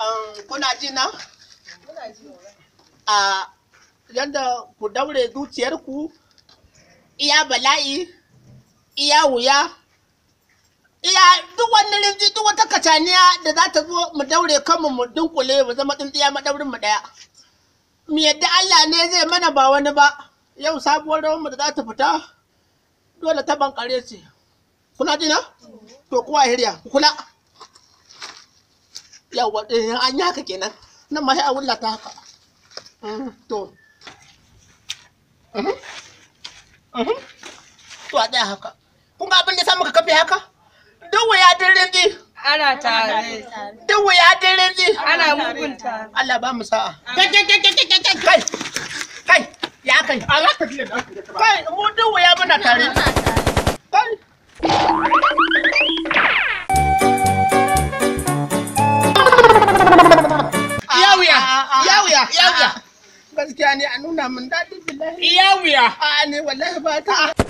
Um, kuna ji na? A yadda ku daure zuciyarku iya bala'i, iya wuya, iya duk wani rinji duk wata kacaniya da za ta zo mu daure kanmu mu dunkule mu zama tsintsiya madaurin mu ɗaya. Mu yadda Allah ne zai mana ba wani ba, yau sabuwar rawar mu da za ta fita dole ta bankare ce. Kuna ji na? Mm. To kuwa hirya, kula. yawa ɗin an yi haka kenan nan ma sai a wulla ta haka to to a ɗaya haka kun ga abin da sa muka kafe haka dawo ya din rinzi ana tare dawo ya din rinzi ana mugunta Allah ba mu sa'a kai kai kai kai kai kai ya kai Allah ta ji da kai mu dawo ya muna tare ya wuya gaskiya ne a nuna min daɗi billahi ya wuya a ne wallahi ba ta